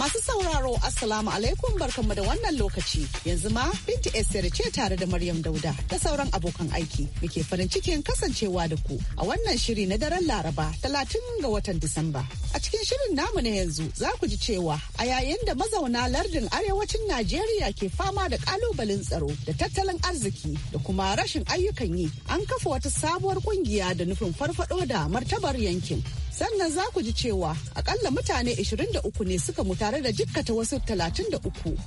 Masu sauraro Assalamu alaikum barkanmu da wannan lokaci yanzu ma Binti Esther ce tare da Maryam Dauda da sauran abokan aiki muke farin cikin kasancewa da ku a wannan shiri na daren Laraba talatin ga watan Disamba. A cikin shirin namu na yanzu za ku ji cewa a yayin da mazauna lardin arewacin Najeriya ke fama da kalubalen tsaro da tattalin arziki da kuma rashin ayyukan yi an kafa wata sabuwar kungiya da nufin farfaɗo da martabar yankin. sannan za ku ji cewa akalla mutane 23 ne suka mu tare da jikkata wasu 33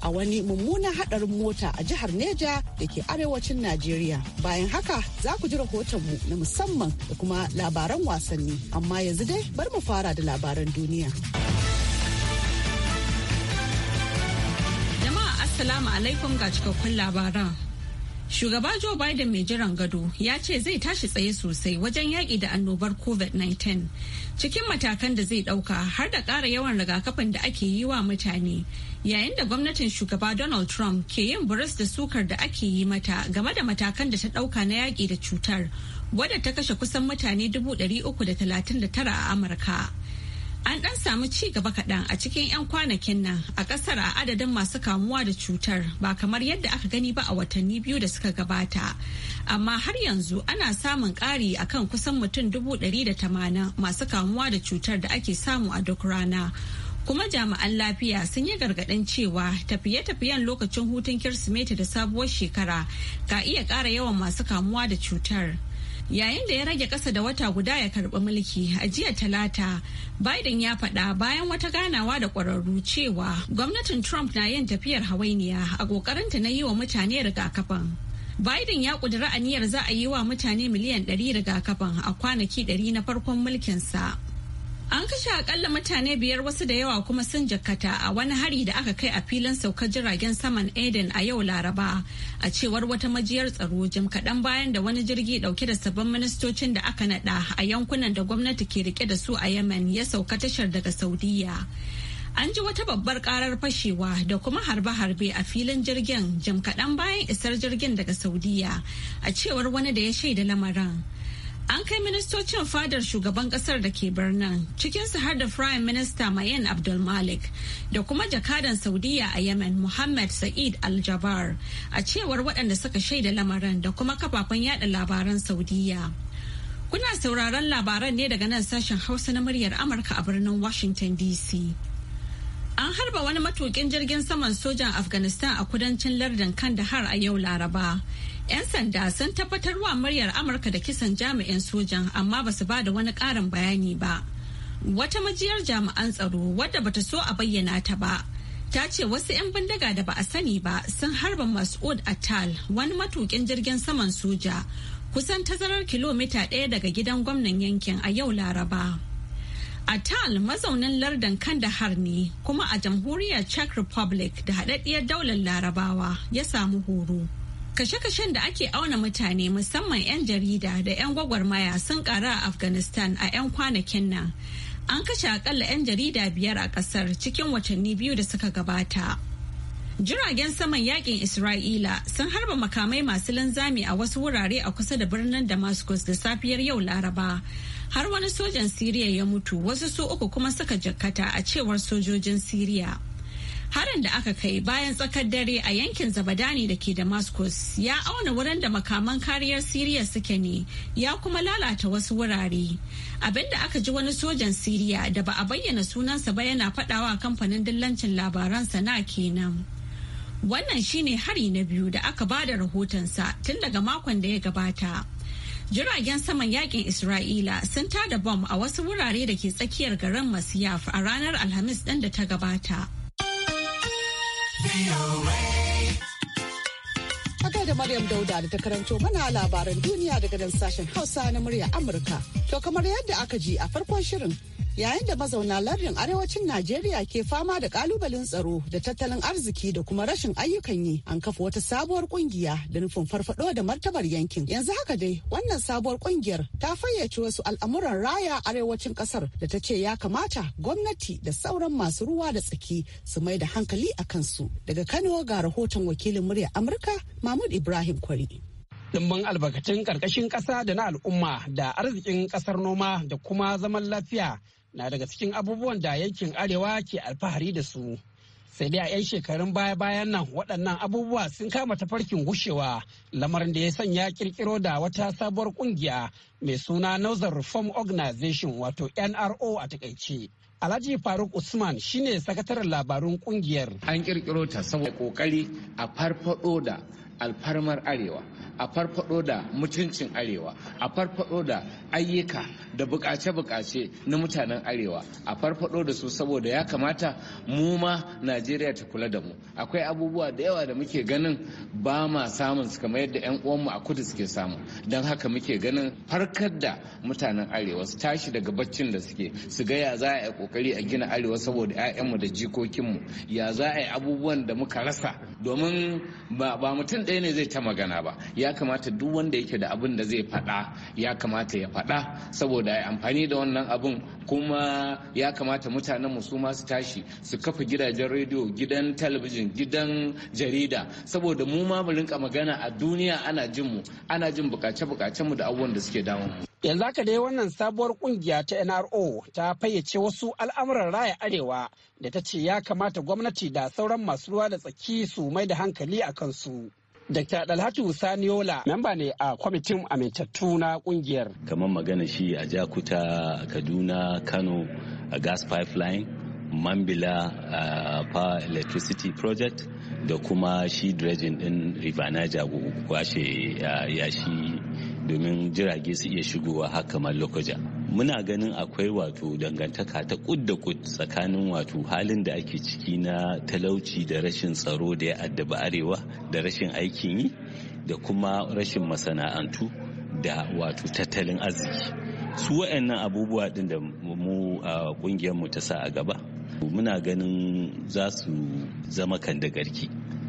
a wani mummunan hadarin mota a jihar neja da ke arewacin najeriya bayan haka za ku ji rahotonmu na musamman da kuma labaran wasanni amma yanzu dai bar mu fara da labaran duniya jama'a assalamu alaikum ga cikakkun labaran Shugaba Joe Biden mai jiran gado ya ce zai tashi tsaye sosai wajen yaƙi da annobar COVID-19 cikin matakan da zai ɗauka har da ƙara yawan rigakafin da ake yi wa mutane yayin da gwamnatin shugaba Donald Trump ke yin buris da sukar da ake yi mata game da matakan da ta ɗauka na yaƙi da cutar wadda ta kashe kusan mutane 339 a Amurka. An ɗan samu ci gaba kaɗan a cikin 'yan kwanakin nan a ƙasar a adadin masu kamuwa da cutar ba kamar yadda aka gani ba a watanni biyu da suka gabata. Amma har yanzu ana samun ƙari a kan kusan mutum dubu ɗari da tamanin masu kamuwa da cutar da ake samu a duk rana. Kuma jami'an lafiya sun yi gargaɗin cewa tafiye-tafiyen lokacin hutun Kirsimeti da sabuwar shekara ka iya ƙara yawan masu kamuwa da cutar. yayin da ya rage kasa da wata guda ya karɓi mulki a jiya talata biden ya faɗa bayan wata ganawa da ƙwararru cewa gwamnatin trump na yin tafiyar hawainiya a ƙoƙarinta na yi wa mutane rigakafin biden ya ƙudiri aniyar za a yi wa mutane miliyan 100 rigakafin a kwanaki 100 na farkon mulkinsa An kashe akalla mutane biyar wasu da yawa kuma sun jakkata a wani hari da aka kai a filin saukar jiragen saman Eden a yau Laraba a cewar wata majiyar tsaro jim kaɗan bayan da wani jirgi ɗauke da sabbin ministocin da aka naɗa a yankunan da gwamnati ke rike da su a Yemen ya sauka tashar daga Saudiya. An ji wata babbar karar fashewa da kuma harbe-harbe a filin jirgin jim kaɗan bayan isar jirgin daga Saudiya a cewar wani da ya shaida lamarin. An kai ministocin fadar shugaban kasar da ke birnin cikinsu har da Prime Minister Mayen Abdulmalik da kuma jakadan Saudiya a Yemen Muhammad Sa'id Al-Jabar a cewar waɗanda suka shaida lamarin da kuma kafafen yada labaran Saudiya. Kuna sauraron labaran ne daga nan sashen Hausa na muryar Amurka a birnin Washington DC. An harba wani matukin jirgin saman sojan Afghanistan a kudancin lardin Kandahar a yau Laraba. 'Yan sanda sun tabbatar wa muryar Amurka da kisan jami'in sojan amma ba su ba da wani ƙarin bayani ba. Wata majiyar jami'an tsaro wadda bata so a bayyana ta ba. Ta ce wasu 'yan bindiga da ba a sani ba sun harba Mas'ud Atal wani matukin jirgin saman soja kusan tazarar kilomita ɗaya daga gidan gwamnan yankin a yau Laraba. Atal mazaunin da Kandahar ne kuma a jamhuriyar Czech Republic da haɗaɗɗiyar daular larabawa ya samu horo. Kashe-kashen da ake auna mutane musamman 'yan jarida da 'yan gwagwarmaya sun ƙara a Afghanistan a 'yan kwanakin nan. An kashe akalla 'yan jarida biyar a ƙasar cikin watanni biyu da suka gabata. Jiragen saman yakin Isra'ila sun harba makamai masu linzami a wasu wurare a kusa da birnin Damascus da safiyar yau Laraba. har wani sojan siriya ya mutu wasu su uku kuma suka jakata a cewar sojojin siriya harin da aka kai bayan tsakar dare a yankin zabadani da ke damascus ya auna wurin da makaman kariyar siriya suke ne ya kuma lalata wasu wurare abinda aka ji wani sojan siriya da ba a bayyana sunansa ba yana fadawa kamfanin dillancin labaran sana kenan wannan shine hari na biyu da aka ba da rahotonsa tun daga makon da ya gabata Jiragen saman yakin Isra'ila sun tada bom a wasu wurare da ke tsakiyar garin Masiyaf a ranar Alhamis ɗin da ta gabata. Haka da Maryam Dauda da ta karanto mana labaran duniya daga nan sashen Hausa na murya Amurka. To kamar yadda aka ji a farkon shirin yayin da mazauna lardin arewacin Najeriya ke fama da kalubalen tsaro da tattalin arziki da kuma rashin ayyukan yi an kafa wata sabuwar kungiya da nufin farfado da martabar yankin. Yanzu haka dai wannan sabuwar kungiyar ta fayyace wasu al'amuran raya arewacin kasar da ta ce ya kamata gwamnati da sauran masu ruwa da tsaki su mai da hankali a kansu. Daga Kano ga rahoton wakilin murya Amurka Mahmud Ibrahim Kwari. dimbin albarkatun karkashin kasa da na al'umma da arzikin kasar noma da kuma zaman lafiya na daga cikin abubuwan da yankin arewa ke alfahari da su sai dai a 'yan shekarun baya-bayan nan waɗannan abubuwa sun kama tafarkin gushewa lamarin da ya sanya kirkiro da wata sabuwar kungiya mai suna northern reform organization wato nro a takaice Alhaji Faruk Usman shine sakataren labarun kungiyar. An kirkiro ta saboda kokari a farfado da alfarmar arewa a farfado da mutuncin arewa a farfado da ayyuka da bukace-bukace na mutanen arewa a farfado da su saboda ya kamata mu ma najeriya ta kula da mu akwai abubuwa da yawa da muke ganin ba ma samun su kamar yadda 'yan uwanmu a kudu suke samu don haka muke ganin farkar da mutanen arewa su tashi daga baccin da suke su ga ya za a yi kokari a gina arewa saboda mu da jikokinmu ya za a yi abubuwan da muka rasa domin ba mutum ɗaya ne zai ta magana ba ya kamata duk wanda yake da abin da zai faɗa ya kamata ya faɗa saboda ya amfani da wannan abin kuma ya kamata mutanen mu su su tashi su kafa gidajen rediyo gidan talabijin gidan jarida saboda mu ma mu rinka magana a duniya ana jin mu ana jin bukace bukace mu da abubuwan da suke damun mu yanzu haka dai wannan sabuwar kungiya ta nro ta fayyace wasu al'amuran raya arewa da ta ce ya kamata gwamnati da sauran masu ruwa da tsaki su mai da hankali a su. Dr. Dalhatu Saniola memba ne a kwamitin amintattu na kungiyar. Kamar magana shi a Jakuta, Kaduna, Kano, a gas pipeline, Mambila a power electricity project da kuma shi dredging din River Niger kwashe yashi domin jirage su iya shigowa haka kamar Lokoja. muna ganin akwai wato dangantaka ta kud da kud tsakanin wato halin da ake ciki na talauci da rashin tsaro da ya addaba arewa da rashin aikin yi da kuma rashin masana'antu da wato tattalin arziki su waɗannan abubuwa ɗin da mu a ƙungiyarmu ta sa a gaba muna ganin za su zama kan da garki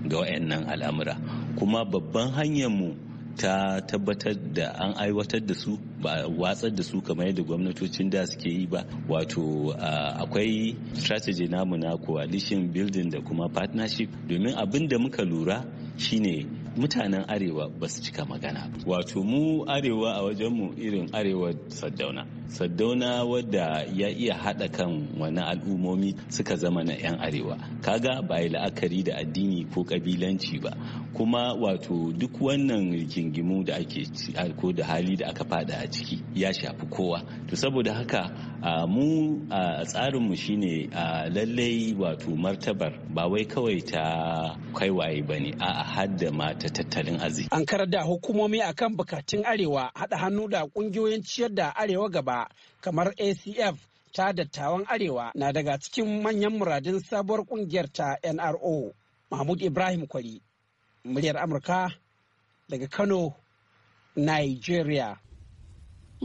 ga waɗannan al'amura kuma babban hanyar mu ta tabbatar da an aiwatar da su ba watsar da su kamar yadda gwamnatocin da suke yi ba wato akwai strategy namu na coalition building da kuma partnership domin abin da muka lura shine mutanen arewa ba su cika magana wato mu arewa a wajenmu irin arewa saddauna Saddauna wadda ya iya haɗa kan wani al'ummomi suka zama na 'yan arewa kaga ba yi la'akari da addini ko kabilanci ba kuma wato duk wannan rigingimu da ake ko da hali da aka fada a ciki ya shafi kowa to saboda haka mu a tsarinmu shine lallai wato martabar ba wai kawai ta kaiwaye ba ne a hadda mata tattalin arziki an karar da hukumomi akan bukatun arewa haɗa hannu da ƙungiyoyin ciyar da arewa gaba ba kamar acf ta dattawan arewa na daga cikin manyan muradin sabuwar kungiyar ta nro mahmud ibrahim kwari muryar amurka daga kano nigeria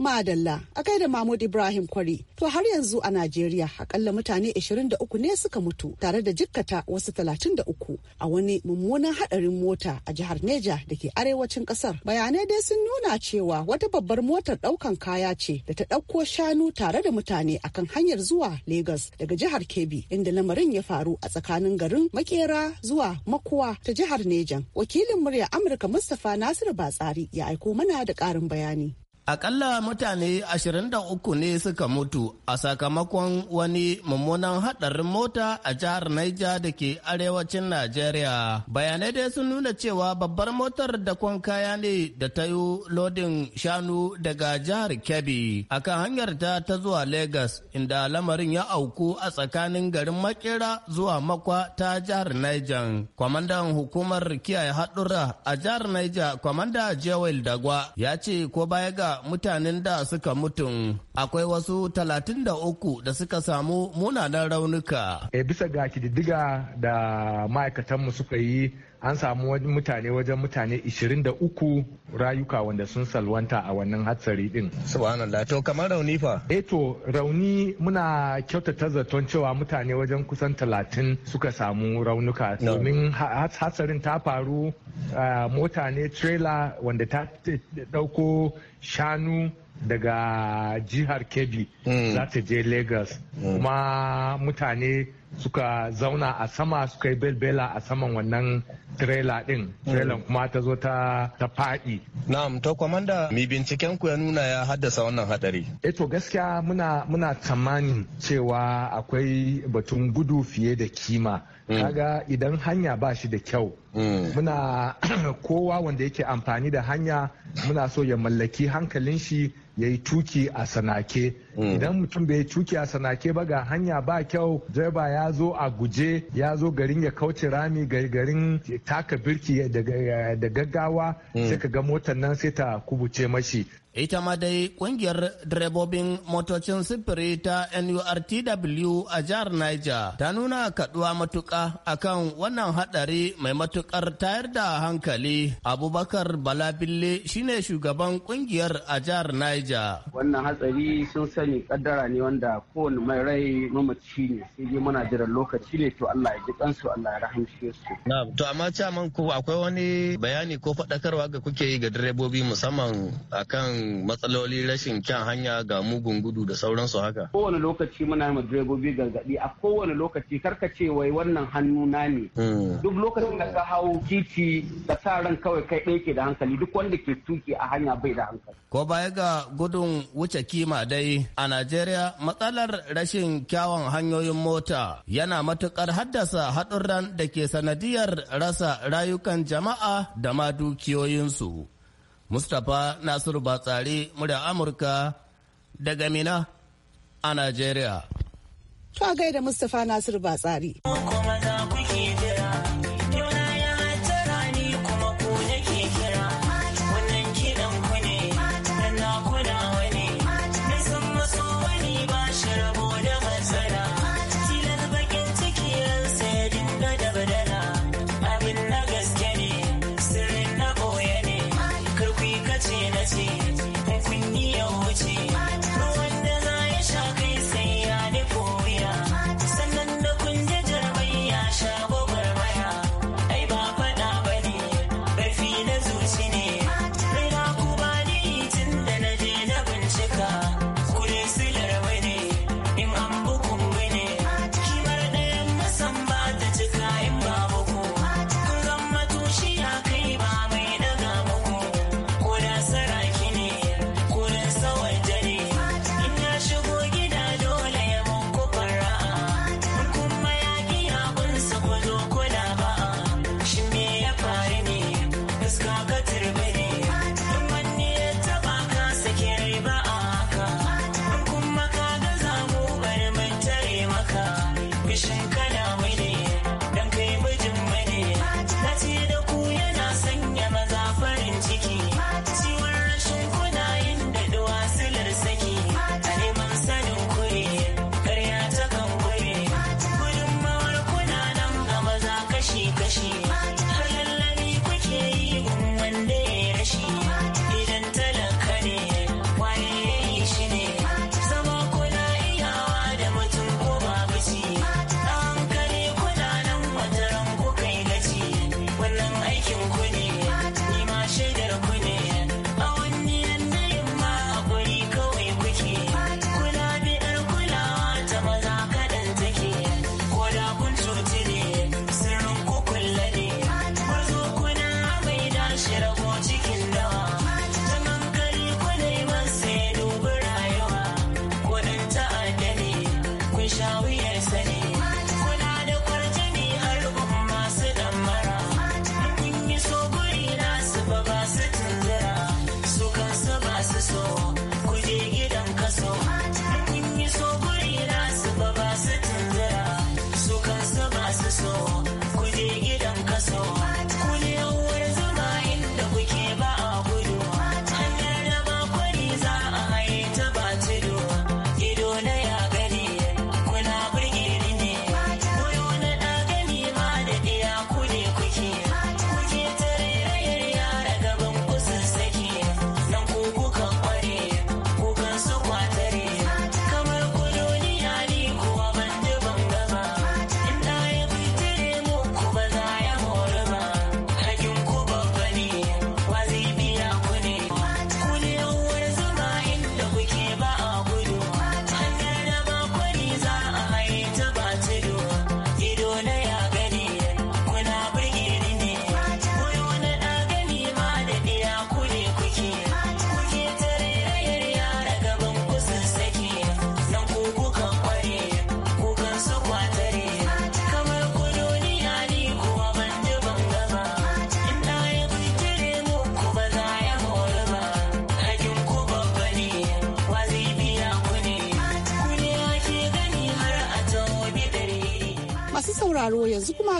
Madalla a da Mahmud Ibrahim Kwari. To har yanzu a Najeriya akalla mutane 23 ne suka mutu tare da jikkata wasu 33 a wani mummunan hadarin mota a jihar Neja da ke arewacin kasar. Bayanai dai sun nuna cewa wata babbar motar daukan kaya ce da ta dauko shanu tare da mutane akan hanyar zuwa Lagos daga jihar Kebbi inda lamarin ya faru a tsakanin garin Makera zuwa Makuwa ta jihar Nejan. Wakilin murya Amurka Mustapha Nasiru Batsari ya aiko mana da karin bayani. Akalla mutane 23 ne suka mutu a sakamakon wani mummunan haɗarin mota a jihar Naija da ke arewacin Najeriya. Bayanai dai sun nuna cewa babbar motar da kwan kaya ne da ta yi lodin shanu daga jihar Kebbi akan hanyar ta ta zuwa Legas inda lamarin ya auku a tsakanin garin Makera zuwa Makwa ta jihar Niger. Kwamandan hukumar kiyaye haɗura a jihar Niger, Kwamanda Jewel Dagwa ya ce ko baya ga mutanen da suka mutum akwai wasu 33 da suka samu munanan raunuka. E bisa ga kididdiga da ma'aikatanmu suka yi an samu mutane wajen mutane 23 rayuka wanda sun salwanta a wannan hatsari din. Subhanallah to kamar rauni fa? eto eh to rauni muna kyautata zaton cewa mutane wajen kusan 30 suka samu raunuka domin hatsarin ta faru mota ne trailer wanda ta dauko shanu daga jihar Kebbi hmm. za ta je Lagos hmm. kuma mutane suka zauna a sama suka yi belbela a saman wannan trailer din trailer mm. kuma ta zo ta faɗi. na'am to kwamanda mi binciken ku ya nuna ya haddasa wannan hadari eh to gaskiya muna muna tsammanin cewa akwai batun gudu fiye da kima mm. kaga idan hanya ba shi da kyau mm. muna kowa wanda yake amfani da hanya muna so ya mallaki hankalin shi ya yi tuki a sanake mm. idan mutum bai tuki a sanake ba ga hanya ba kyau direba ya zo a guje ya zo garin ya kauce rami garin taka birki da gaggawa mm. sai ka ga motar nan sai ta kubuce mashi ita ma dai kungiyar direbobin motocin sifiri ta nurtw a jihar niger ta nuna kaduwa matuka akan wannan hadari mai matukar tayar da hankali abubakar balabille shine shugaban kungiyar a jihar niger wannan hatsari sun sani kaddara ne wanda kowane mai rai mamaci ne sai dai muna jiran lokaci ne to allah ya ji kansu allah ya rahamshe su to amma caman ku akwai wani bayani ko faɗakarwa ga kuke yi ga direbobi musamman akan matsaloli rashin kyan hanya ga mugun gudu da sauransu haka? Kowane lokaci muna yi direbobi gargaɗi a kowane lokaci karka ce wai wannan hannu na ne. Hmm. Duk lokacin da ka hau titi da sa ran kawai kai ɗaya ke da hankali duk wanda ke tuki a hanya bai da hankali. Ko baya ga gudun wuce kima dai a Najeriya matsalar rashin kyawun hanyoyin mota yana matukar haddasa haɗurran da ke sanadiyar rasa rayukan jama'a da ma dukiyoyinsu. Mustapha Nasiru Batsari murya Amurka daga Mina a Najeriya. To gaida Mustapha Nasiru Batsari.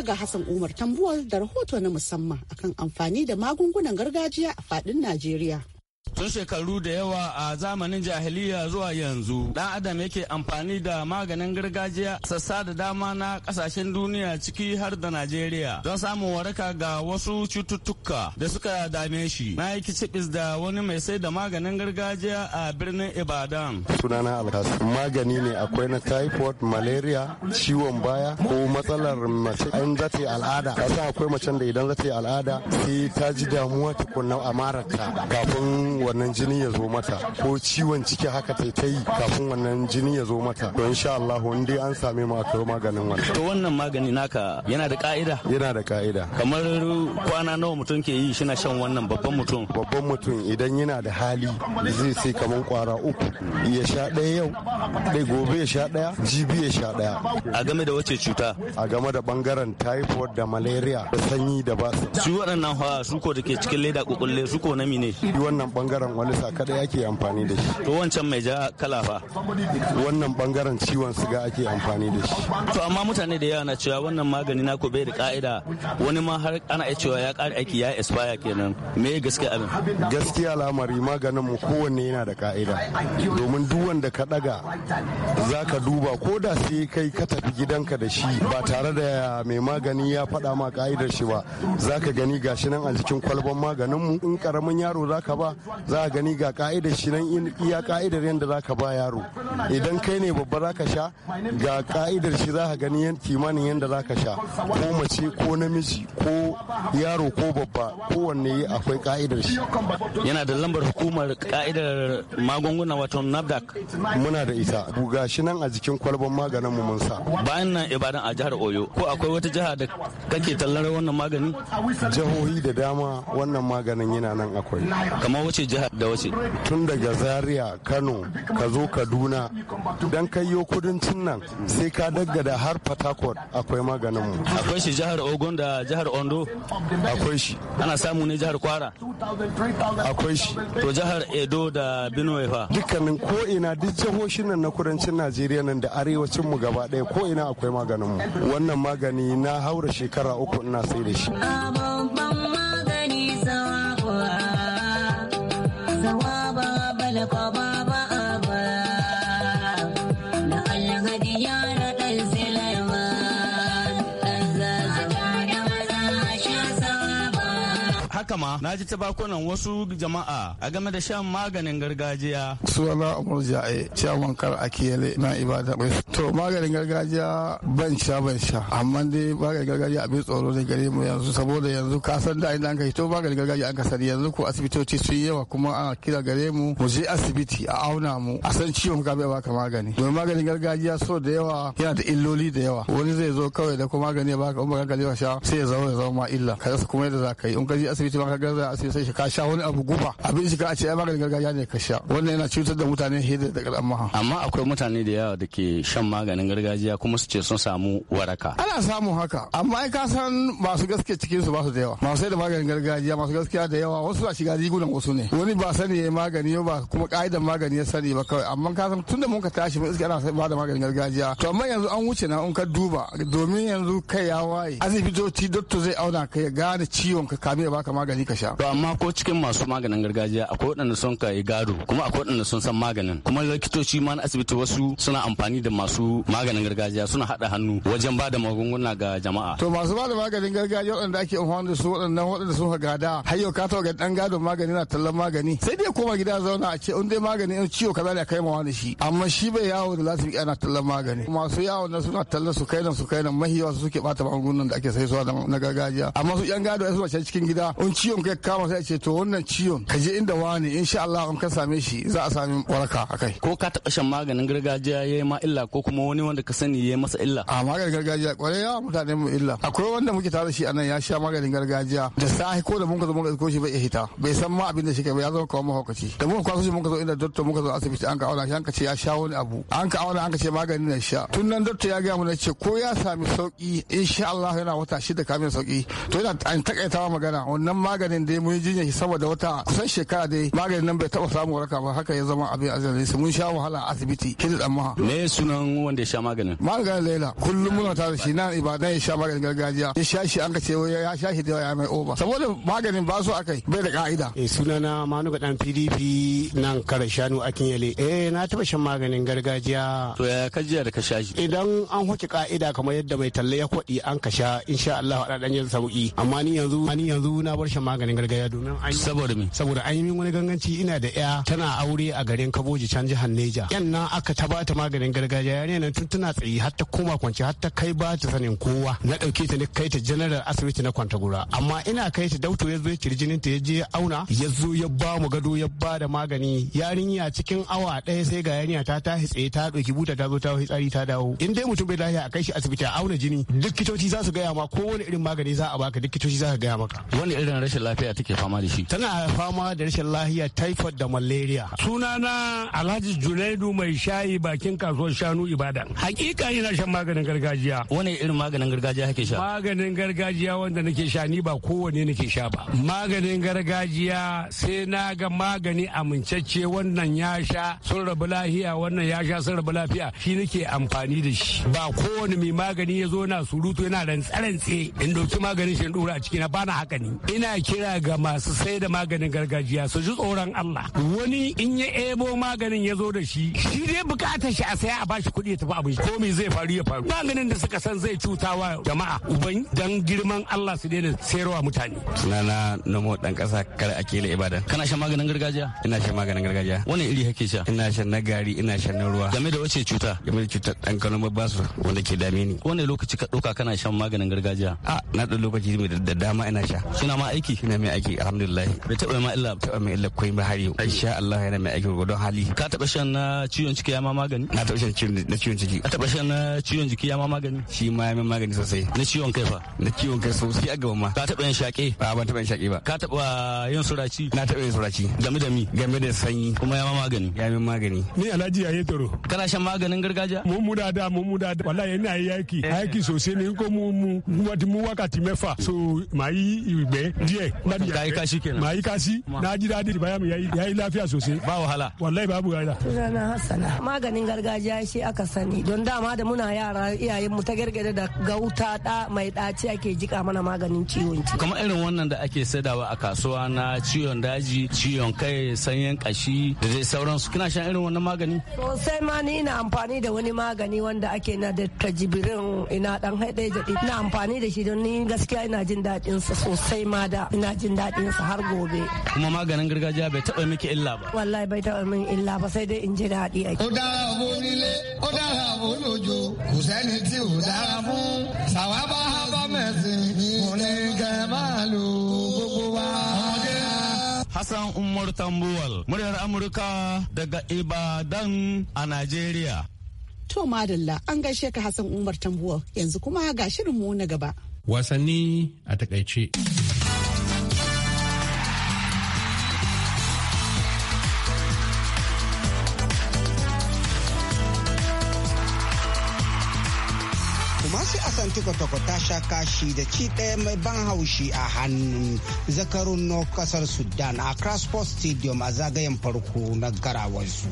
ga Hassan Umar tambuwar da rahoto na musamman akan amfani da magungunan gargajiya a fadin Najeriya. tun shekaru da yawa a zamanin jahiliya zuwa yanzu dan adam yake amfani da maganin gargajiya sassa da dama na kasashen duniya ciki har da najeriya don samun waraka ga wasu cututtuka da suka dame shi na yi kicibis da wani mai sai da maganin gargajiya a birnin ibadan sunana alkasu magani ne akwai na typhoid malaria ciwon baya ko matsalar mace an zata al'ada kasa akwai macen da idan zata al'ada sai ta ji damuwa tukunna a marata kafin wannan jini ya zo mata ko ciwon ciki haka ta ta yi kafin wannan jini ya zo mata to insha Allah in dai an same mu akwai maganin wannan to wannan magani naka yana da ka'ida yana da ka'ida kamar kwana nawa mutum ke yi shina shan wannan babban mutum babban mutum idan yana da hali zai sai kamar kwara uku ya sha ɗaya yau ɗaya gobe ya sha ɗaya jibi ya sha ɗaya a game da wace cuta a game da bangaren typhoid da malaria da sanyi da basa su waɗannan hawa su ko da ke cikin leda kokulle su ko nami ne wannan bangaren bangaren wani sakada yake amfani da shi to wancan mai ja kala fa wannan bangaren ciwon siga ake amfani da shi to amma mutane da yawa na cewa wannan magani na bai da ka'ida wani ma har ana iya cewa ya ƙara aiki ya expire kenan me gaskiya abin gaskiya lamari maganin mu kowanne yana da ka'ida domin duk wanda ka daga za ka duba ko da sai kai ka tafi gidanka da shi ba tare da mai magani ya faɗa ma ka'idar shi ba za ka gani gashi nan a jikin kwalban maganin mu in karamin yaro za ka ba za a gani ga ka'idar shi nan iya ka'idar yadda za ka ba yaro idan kai ne babba za ka sha ga ka'idar shi za ka gani kimanin yadda za ka sha ko mace ko namiji ko yaro ko babba kowanne akwai ka'idar shi yana da lambar hukumar ka'idar magunguna wato nafdac muna da ita ga shi nan a jikin kwalban maganin mu mun sa bayan nan ibadan a jihar oyo ko akwai wata jiha da kake tallar wannan magani jihohi da dama wannan maganin yana nan akwai kamar wace jiha da wace tun daga zaria kano ka zo kaduna dan kayyo kudancin nan sai ka daggada har port akwai maganin mu akwai shi jihar ogun da jihar ondo akwai shi ana samu ne jihar kwara akwai shi to jihar edo da benue fa dukkanin ko ina duk jihohin nan na kudancin najeriya nan da arewacin mu gaba daya ko ina akwai maganin mu wannan magani na haura shekara uku ina sai da shi na ji tabakunan wasu jama'a a game da shan maganin gargajiya. Suwala Umar a ciyawan kar a kiyale na ibada. To maganin gargajiya ban sha ban sha, amma dai maganin gargajiya abin tsoro ne gare mu yanzu saboda yanzu ka san da ina an ka hito maganin gargajiya an ka sani yanzu ko asibitoci sun yi yawa kuma ana kira gare mu mu je asibiti a auna mu a san ciwon ka bai baka magani. Domin maganin gargajiya so da yawa yana da illoli da yawa. Wani zai zo kawai da ko magani ya baka umar ka sha sai ya zama ya zama ma illa. Ka kuma yadda za ka yi in ka je asibiti ma ka maganin a sai sai ka sha wani abu guba abin shi ka ce ai maganin gargajiya ne ka sha wannan yana cutar da mutane hidda da kalamaha amma akwai mutane da yawa da ke shan maganin gargajiya kuma su ce sun samu waraka ana samun haka amma ai ka san masu gaske cikin su ba su da yawa masu da maganin gargajiya masu gaskiya da yawa wasu a shiga rigunan wasu ne wani ba sani ya magani ba kuma ka'idan magani ya sani ba kawai amma ka san tunda mun ka tashi mun iske ana ba da maganin gargajiya to amma yanzu an wuce na in ka duba domin yanzu kai ya waye asibitoci doctor zai auna ka ya gane ciwon ka kamin ya baka magani ka sha to amma ko cikin masu maganin gargajiya akwai waɗanda sun kai gado kuma akwai waɗanda sun san maganin kuma likitoci ma na asibiti wasu suna amfani da masu maganin gargajiya suna haɗa hannu wajen ba da magunguna ga jama'a to masu ba da maganin gargajiya waɗanda ake amfani da su waɗannan waɗanda sun gada har yau ka taɓa ga ɗan gado magani na tallan magani sai dai koma gida zauna a ce in dai magani in ciwo kaza ne kai ma wani shi amma shi bai yawo da lafiya ana tallan magani masu yawo na suna tallan su kai nan su kai nan mahiyawa suke bata magungunan da ake sai suwa na gargajiya amma su ƴan gado su cikin gida in ciwon ya kama sai ce to wannan ciwon ka je inda wani insha Allah in ka same shi za a sami waraka akai ko ka taɓa shan maganin gargajiya yayi ma illa ko kuma wani wanda ka sani yayi masa illa a maganin gargajiya kware ya mutane mu illa akwai wanda muke tare shi anan ya sha maganin gargajiya da sahi ko da mun ka zo mun ka shi bai hita bai san ma abin da shi kai ba ya zo kawo mahaukaci da mun kwaso shi mun ka zo inda doctor mun ka zo asibiti an ka auna shi an ka ce ya sha wani abu an ka auna an ka ce maganin nan sha tun nan doctor ya ga mu na ce ko ya sami sauki insha Allah yana wata shida kamin sauki to yana an takaitawa magana wannan maganin maganin dai mun jinya shi saboda wata kusan shekara dai maganin nan bai taba samu waraka ba haka ya zama abin azalisi mun sha wahala a asibiti kin dan maha me sunan wanda ya sha maganin maganin laila kullum muna tare shi nan ibadan ya sha maganin gargajiya ya sha shi an ka ce ya sha shi da ya mai oba saboda maganin ba su akai bai da ka'ida eh sunana manuka dan pdp nan kare shanu a yale. eh na taba shan maganin gargajiya to ya jiya da ka sha shi idan an hoki ka'ida kamar yadda mai talle ya kwadi an ka sha insha Allah a dan yanzu sauki amma ni yanzu ni yanzu na bar shan maganin maganin gargajiya domin an saboda me saboda an yi min wani ganganci ina da ya tana aure a garin Kaboji can jihar Neja yan nan aka ta bata maganin gargajiya yare nan tun tana tsayi har ta koma kwance har ta kai ba ta sanin kowa na dauke ta ne kai ta general asibiti na Kwantagura amma ina kai ta dauto ya zo ya kirjinin ta ya je auna ya zo ya ba mu gado ya ba da magani yarinya cikin awa ɗaya sai ga yarinya ta tashi tsaye ta dauki buta ta zo ta tsari ta dawo in dai mutum bai lafiya a kai shi asibiti a auna jini likitoci za su gaya ma kowane irin magani za a baka likitoci za su gaya maka wani irin rashin lafiya take fama da shi tana fama da rashin lafiya typhoid da malaria sunana alhaji junaidu mai shayi bakin kasuwar shanu ibadan hakika ina shan maganin gargajiya wani irin maganin gargajiya kake sha maganin gargajiya wanda nake sha ni ba kowane nake sha ba maganin gargajiya sai na ga magani amincacce wannan ya sha sun rabu lafiya wannan ya sha sun rabu lafiya shi nake amfani da shi ba kowane mai magani ya zo na surutu yana rantsarantse in dauki maganin shi in dora a cikina ba na haka ne ina ke kira ga masu sai da maganin gargajiya su ji tsoron Allah wani in ya ebo maganin ya zo da shi shi dai bukatar shi a saya a bashi kuɗi ya tafi abin ko me zai faru ya faru maganin da suka san zai cutawa jama'a uban dan girman Allah su daina sayarwa mutane sunana mu dan kasa kar a kela ibadan kana shan maganin gargajiya ina shan maganin gargajiya wani iri hake sha ina shan na gari ina shan na ruwa game da wace cuta game da cutar dan kano basu wanda ke dame ni wani lokaci ka ɗauka kana shan maganin gargajiya a na da lokaci mai da dama ina sha suna ma aiki ina mai aiki alhamdulillah bai taba ma illa taba mai illa koyi ba har yau insha Allah yana mai aiki gudun hali ka taba shan na ciwon ciki ya ma magani na taba shan na ciwon ciki ka taba shan na ciwon jiki ya ma magani shi ma ya mai magani sosai na ciwon kai fa na ciwon kai sosai a gaban ma ka taba yin shaƙe ba ban taba yin shaƙe ba ka taba yin suraci na taba yin suraci game da mi game da sanyi kuma ya ma magani ya mai magani ni alhaji yayi taro kana shan maganin gargajiya mu mu da da mu mu da da wallahi ina yi aiki aiki sosai ne ko mu mu mu wakati mefa so mai yí die n'a lafiya kai kashi kenan yi kashi na ji dadi bayan yayi yayi lafiya sosai ba wahala wallahi babu wahala sunana hassana maganin gargajiya shi aka sani don dama da muna yara iyayen mu ta gargada da gauta da mai daci ake jika mana maganin ciwon ciki kamar irin wannan da ake saidawa a kasuwa na ciwon daji ciwon kai sanyin kashi da dai sauransu kina shan irin wannan magani sosai ma ni ina amfani da wani magani wanda ake na da tajibirin ina dan haɗe jadi na amfani da shi don ni gaskiya ina jin daɗin sa sosai ma da ina ina jin daɗin sa har gobe kuma maganin gargajiya bai taɓa miki illa ba wallahi bai taɓa min illa ba sai dai in ji daɗi a Hassan Umar Tambuwal, muryar Amurka daga Ibadan a Najeriya. To madalla an gaishe ka Hassan Umar Tambuwal yanzu kuma ga shirinmu na gaba. Wasanni a takaice. sha kashi da ci ɗaya mai ban haushi a hannun zakarun no kasar Sudan a Crossport Stadium a zagayen farko na garawarsu.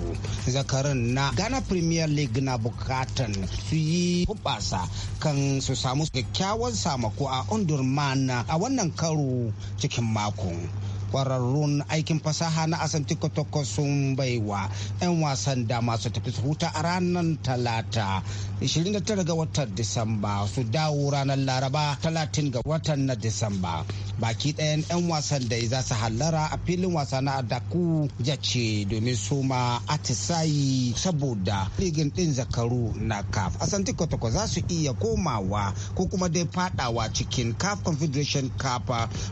Zakarun na Ghana Premier League na bukatan su yi hubasa kan su samu kyakkyawan samako a undurman a wannan karo cikin makon. kwararrun aikin fasaha na asanti kotoko sun baiwa 'yan wasan da masu tafi huta a ranar talata 29 ga watan disamba su dawo ranar laraba 30 ga watan na disamba baki ɗayan 'yan wasan da za su hallara a filin wasa na adaku jace domin suma atisayi saboda ligin ɗin zakaru na caf asanti za su iya komawa ko kuma dai faɗawa cikin caf confederation cup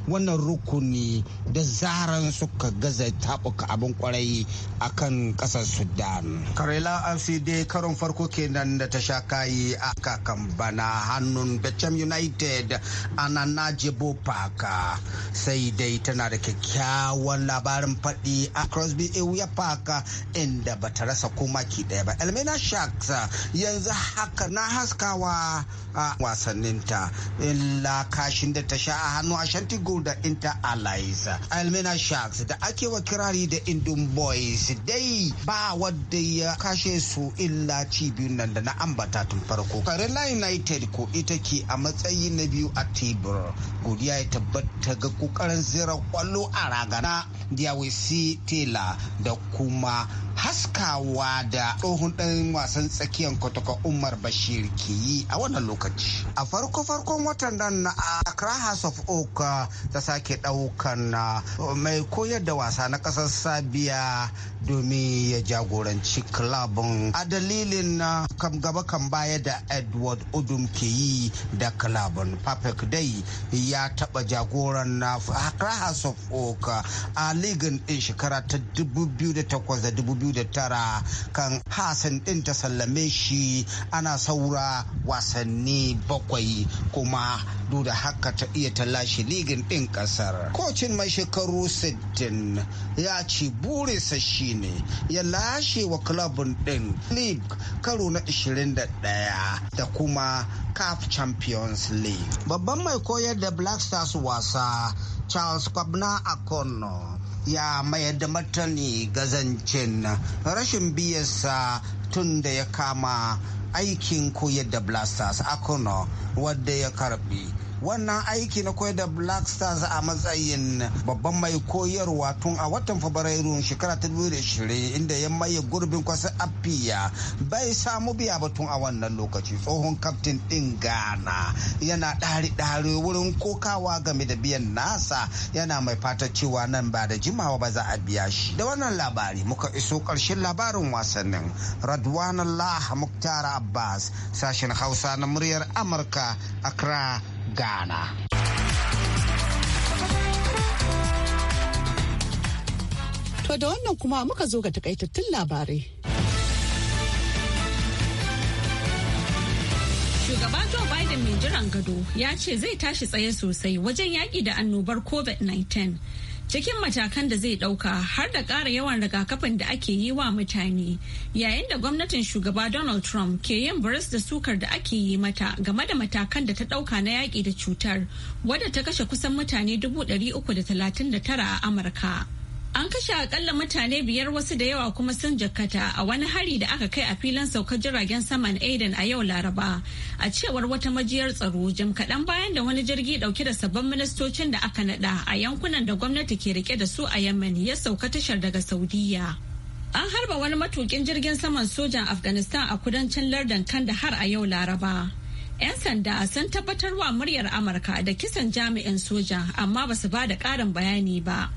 wannan rukuni da zaran suka gaza ka abin kwarai a kan ƙasar sudan karela fi dai karon farko kenan da ta sha kayi a kakan bana hannun becham united a nanajebo park sai dai tana da kyakkyawan labarin faɗi a crosby ya park inda ba ta rasa ki ɗaya ba elmina sharks yanzu haka na haskawa a wasanninta illa kashin da ta sha a hannu ashanti gold da inter allies almena sharks da ake wa kirari da indun boys dai ba wadda ya kashe su illa cibiyun nan da na ambata tun farko karela united ko ita ke a matsayi na biyu a tebur godiya ya tabbata ga kokarin zira kwallo a ragana diawesi tela da kuma haskawa da tsohon ɗan wasan tsakiyar kwataka umar bashir ke yi a wannan lokaci a farko farkon watan nan na accra house of oak uh, ta sake ɗaukan uh, mai koyar da wasa na ƙasar sabiya domin ya jagoranci klabin a dalilin na kam gaba kan baya da edward udum ke yi da klabin papek dai ya taba jagoran na house of oak a ligin din shekara ta 2008-2009 kan hasan din ta sallame shi ana saura wasanni bakwai kuma du da haka ta iya ta lashe ligin ɗin ƙasar. Kocin mai shekaru 60 ya ce burinsa shine ya lashe wa klabin ɗin league karo na 21 da kuma CAF Champions League. Babban mai koyar da Black Stars wasa Charles Kwabna Akono ya mayar da martani ga rashin biyarsa tun da ya kama aikin koyar da blasters akono wadda ya karbi wannan aiki na koyar da black stars a matsayin babban mai koyarwa tun a watan fabrairu shekara ta shirin inda ya maye gurbin kwasa afiya bai samu biya ba tun a wannan lokaci tsohon kaftin din ghana yana ɗari ɗari wurin kokawa game da biyan nasa yana mai fata cewa nan ba da jimawa ba za a biya shi da wannan labari muka iso ƙarshen labarin wasannin radwan allah muktara abbas sashen hausa na muryar amurka accra Ghana. To da wannan kuma muka zo ga takaitattun labarai. Shugaba Joe Biden mai jiran gado ya ce zai tashi tsaye sosai wajen yaƙi da annobar COVID-19. cikin matakan da zai ɗauka har da ƙara yawan rigakafin da ake yi wa mutane yayin da gwamnatin shugaba donald trump ke yin baris da sukar da ake yi mata game da matakan da ta ɗauka na yaƙi da cutar wadda ta kashe kusan mutane 339 a amurka An kashe akalla mutane biyar wasu da yawa kuma sun jakkata a wani hari da aka kai a filin saukar jiragen saman Aden a yau Laraba. A cewar wata majiyar tsaro jim kaɗan bayan da wani jirgi ɗauke da sabbin ministocin da aka naɗa a yankunan da gwamnati ke rike da su a Yemen ya sauka tashar daga Saudiya. An harba wani matukin jirgin saman sojan Afghanistan a kudancin lardin har a yau Laraba. 'Yan sanda sun tabbatar wa muryar Amurka da kisan jami'in soja amma ba su ba da ƙarin bayani ba.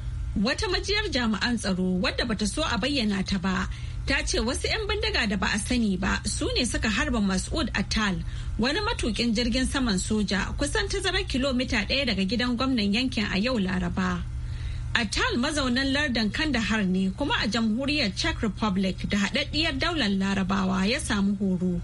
Wata majiyar jami'an tsaro wadda bata so a bayyana ta ba ta ce wasu 'yan bindiga da ba a sani ba su ne suka harba Mas'ud Atal wani matukin jirgin saman soja kusan tazarar kilomita ɗaya daga gidan gwamnan yankin a yau Laraba. Atal mazaunan lardan Kandahar ne kuma a jamhuriyar Czech Republic da haɗaɗɗiyar daular larabawa ya samu horo.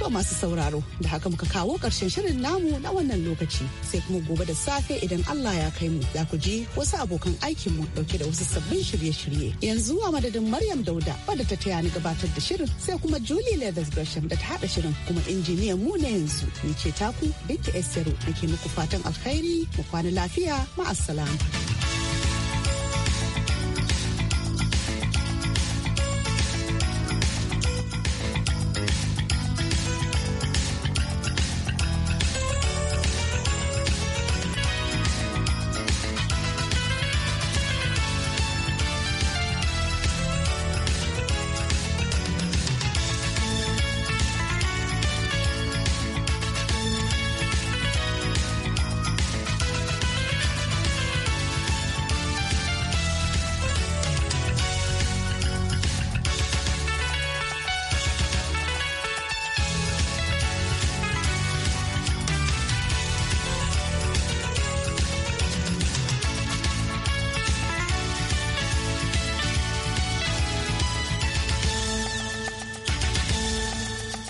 To masu sauraro da haka muka kawo ƙarshen shirin namu na wannan lokaci sai kuma gobe da safe idan Allah ya kai mu za ku ji wasu abokan aikin mu dauke da wasu sabbin shirye-shirye. Yanzu a madadin Maryam Dauda wadda ta taya ni gabatar da shirin sai kuma Julie Leathers Gresham da ta haɗa shirin kuma injiniyan mu na yanzu ni ce taku Binta Esero nake muku fatan alkhairi mu kwana lafiya ma'assalam.